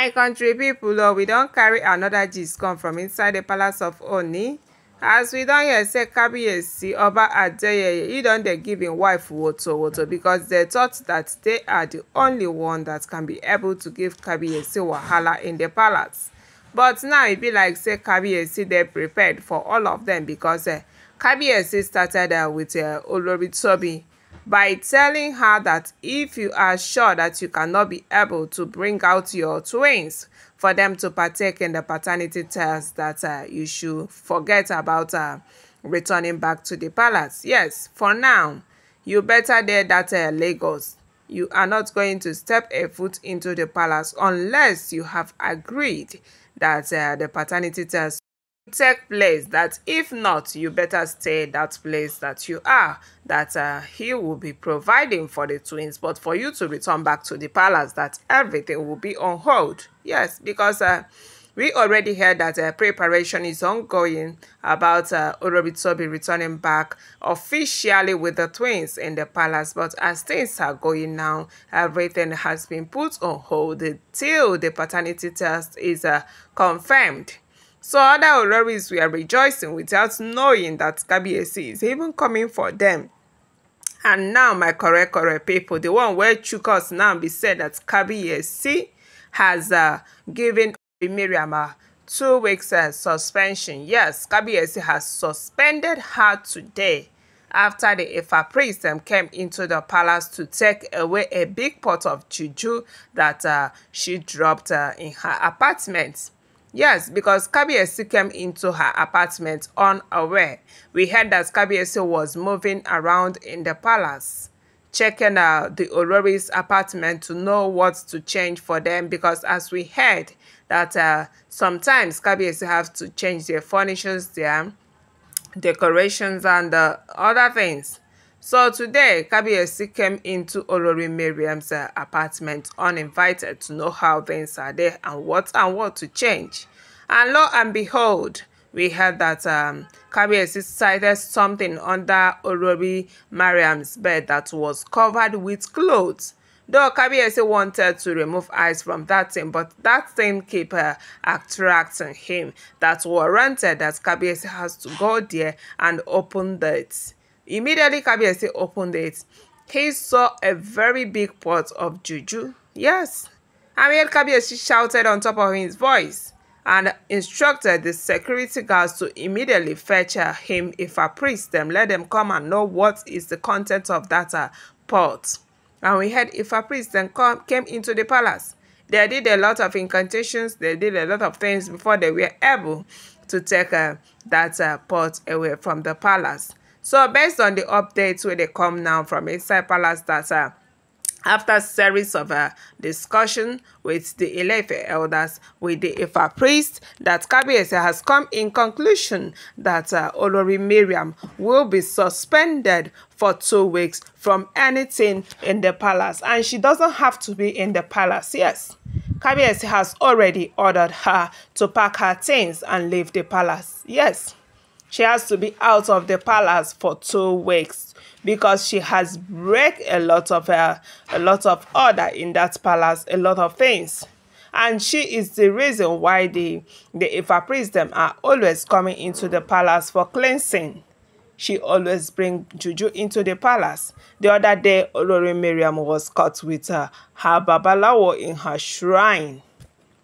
my country people, oh, we don't carry another gist come from inside the palace of oni as we don't hear say kabiyesi oba adeyeye e don't they give im wife woto woto because they thought that they are the only one that can be able to give kabiyesi wahala in the palace but now e be like say kabiyesi they prepared for all of dem becos eh, kabiyesi started eh, wit eh, olori tobi by telling her that if you are sure that you cannot be able to bring out your twins for them to partake in the paternity test that uh, you should forget about uh, returning back to the palace. Yes, for now, you better there that uh, Lagos. You are not going to step a foot into the palace unless you have agreed that uh, the paternity test take place that if not you better stay that place that you are that uh, he will be providing for the twins but for you to return back to the palace that everything will be on hold yes because uh, we already heard that uh, preparation is ongoing about uh, Orobitobi returning back officially with the twins in the palace. But as things are going now, everything has been put on hold till the paternity test is uh, confirmed. So other Oloris were rejoicing without knowing that Kabiyesi is even coming for them. And now, my correct, correct people, the one where Chukos now be said that Kabiyesi has uh, given Miriam a two weeks uh, suspension. Yes, Kabiyesi has suspended her today after the Ifa priest um, came into the palace to take away a big pot of juju that uh, she dropped uh, in her apartment. Yes, because Kabiesi came into her apartment unaware. We heard that Kabiesi was moving around in the palace, checking out uh, the Olori's apartment to know what to change for them because as we heard that uh, sometimes Kabiesi have to change their furnitures, their decorations and uh, other things. So today, Kabiesi came into Olori Miriam's uh, apartment uninvited to know how things are there and what and what to change. And lo and behold, we heard that um, Kabiesi sighted something under Olori Mariam's bed that was covered with clothes. Though Kabiesi wanted to remove eyes from that thing, but that thing kept uh, attracting him. That warranted that Kabiesi has to go there and open it. Immediately, Kabiesi opened it. He saw a very big pot of juju. Yes. Amir Kabiesi shouted on top of his voice and instructed the security guards to immediately fetch him if a priest them let them come and know what is the content of that uh, pot. And we had if a priest then come, came into the palace. They did a lot of incantations, they did a lot of things before they were able to take uh, that uh, pot away from the palace. So based on the updates where they come now from inside Palace data, after series of uh, discussion with the Ilefe elders, with the Ifa priest, that Kabiese has come in conclusion that uh, Olori Miriam will be suspended for two weeks from anything in the palace. And she doesn't have to be in the palace, yes. Kabiese has already ordered her to pack her things and leave the palace, yes. She has to be out of the palace for two weeks because she has break a lot of her a lot of order in that palace, a lot of things. And she is the reason why the, the Ifa priest them are always coming into the palace for cleansing. She always bring Juju into the palace. The other day, Olori Miriam was caught with uh, her babalawo in her shrine.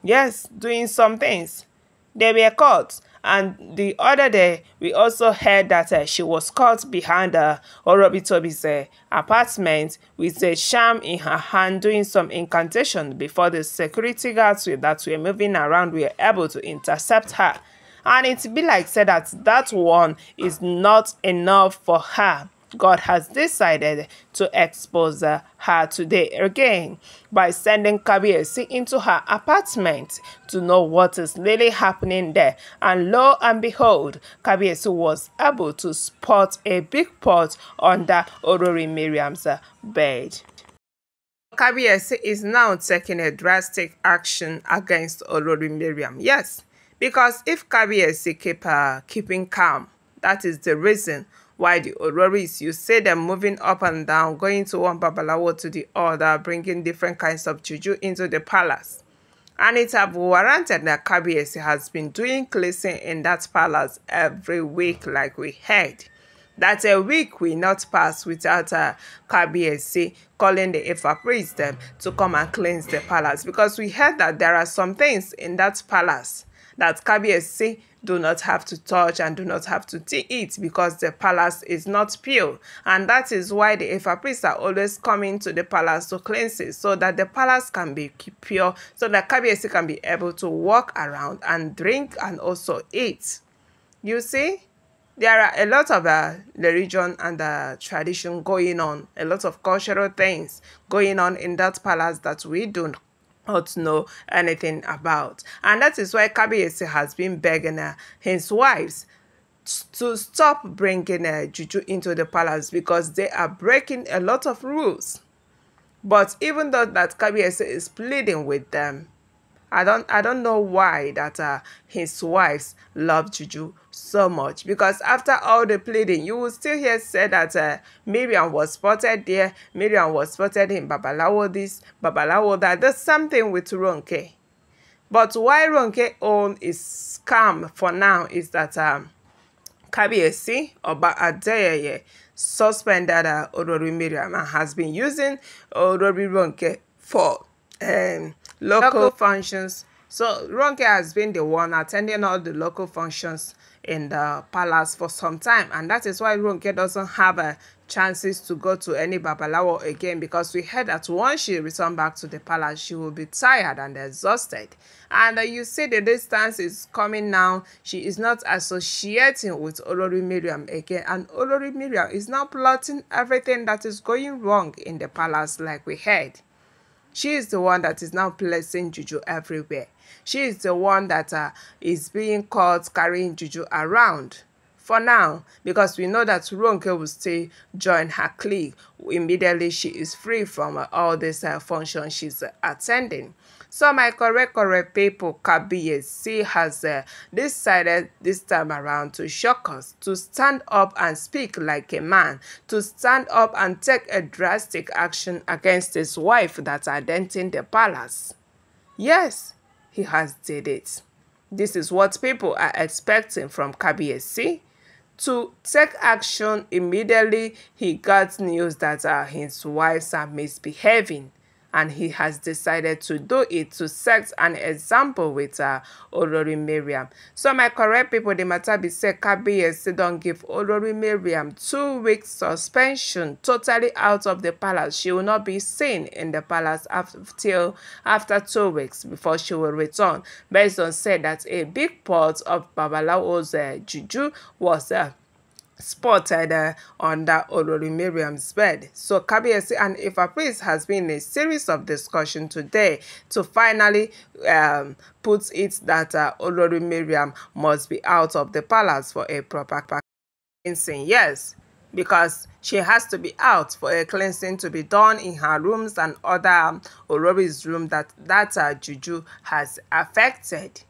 Yes, doing some things. They were caught And the other day, we also heard that uh, she was caught behind uh, Orobitobi's uh, apartment with a sham in her hand doing some incantation before the security guards that were moving around were able to intercept her. And it be like said that that one is not enough for her God has decided to expose her today again by sending Kabiyesi into her apartment to know what is really happening there. And lo and behold, Kabiyesi was able to spot a big pot under Orori Miriam's bed. Kabiyesi is now taking a drastic action against Olori Miriam. Yes, because if Kabiyesi keep uh, keeping calm, that is the reason why the Ororis, you see them moving up and down, going to one Babalawo to the other, bringing different kinds of juju into the palace. And it have warranted that KBS has been doing cleansing in that palace every week like we heard. That a week will not pass without uh, KBSC calling the Ifa priest them to come and cleanse the palace because we heard that there are some things in that palace that Kabiesi do not have to touch and do not have to eat because the palace is not pure. And that is why the Efa priests are always coming to the palace to cleanse it so that the palace can be pure, so that Kabiesi can be able to walk around and drink and also eat. You see? there are a lot of uh, religion and uh, tradition going on, a lot of cultural things going on in that palace that we don't or to know anything about. And that is why Kabiyesi has been begging uh, his wives to stop bringing uh, juju into the palace because they are breaking a lot of rules. But even though that Kabiyesi is pleading with them, I don't I don't know why that uh, his wives love Juju so much because after all the pleading, you will still hear said that uh, Miriam was spotted there, Miriam was spotted in Babalawo this, Babalawo that. There's something with Ronke. But why Ronke own is scam for now is that um, Kabiesi or Adeyeye suspended uh, Orori Miriam and has been using Orori Ronke for um, local functions. So Ronke has been the one attending all the local functions in the palace for some time. And that is why Ronke doesn't have uh, chances to go to any Babalawo again because we heard that once she returns back to the palace, she will be tired and exhausted. And uh, you see the distance is coming now. She is not associating with Olori Miriam again. And Olori Miriam is now plotting everything that is going wrong in the palace like we heard. She is the one that is now placing juju everywhere. She is the one that uh, is being called carrying juju around for now because we know that Ronke will still join her clique immediately she is free from uh, all this uh, function she's uh, attending. So my correct correct people Kabiyesi has uh, decided this time around to shock us, to stand up and speak like a man, to stand up and take a drastic action against his wife that's renting the palace. Yes, he has did it. This is what people are expecting from Kabiyesi to take action immediately he got news that uh, his wives are misbehaving and he has decided to do it to set an example with uh, Olori Mariam. So my correct people, the matter be said, Kabiyesi don give Olori Miriam two weeks suspension totally out of the palace. She will not be seen in the palace after, after two weeks before she will return. Based on said that a big part of Babalawo's uh, juju was uh, spotted uh, under Olori Miriam's bed. So Kabiyesi and Ifa Priest has been a series of discussion today to finally um, put it that uh, Olori Miriam must be out of the palace for a proper cleansing. Yes, because she has to be out for a cleansing to be done in her rooms and other um, Olori's room that, that uh, Juju has affected.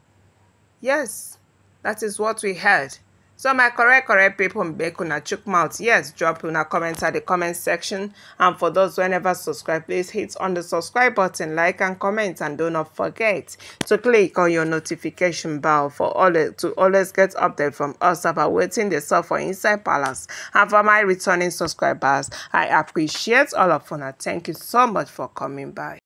Yes, that is what we heard. So my correct correct people make una chook mouth. Yes, drop una comments at the comment section. And for those who never subscribe, please hit on the subscribe button, like and comment, and do not forget to click on your notification bell for all to always get update from us about waiting the sell for Inside Palace. And for my returning subscribers, I appreciate all of una. Thank you so much for coming by.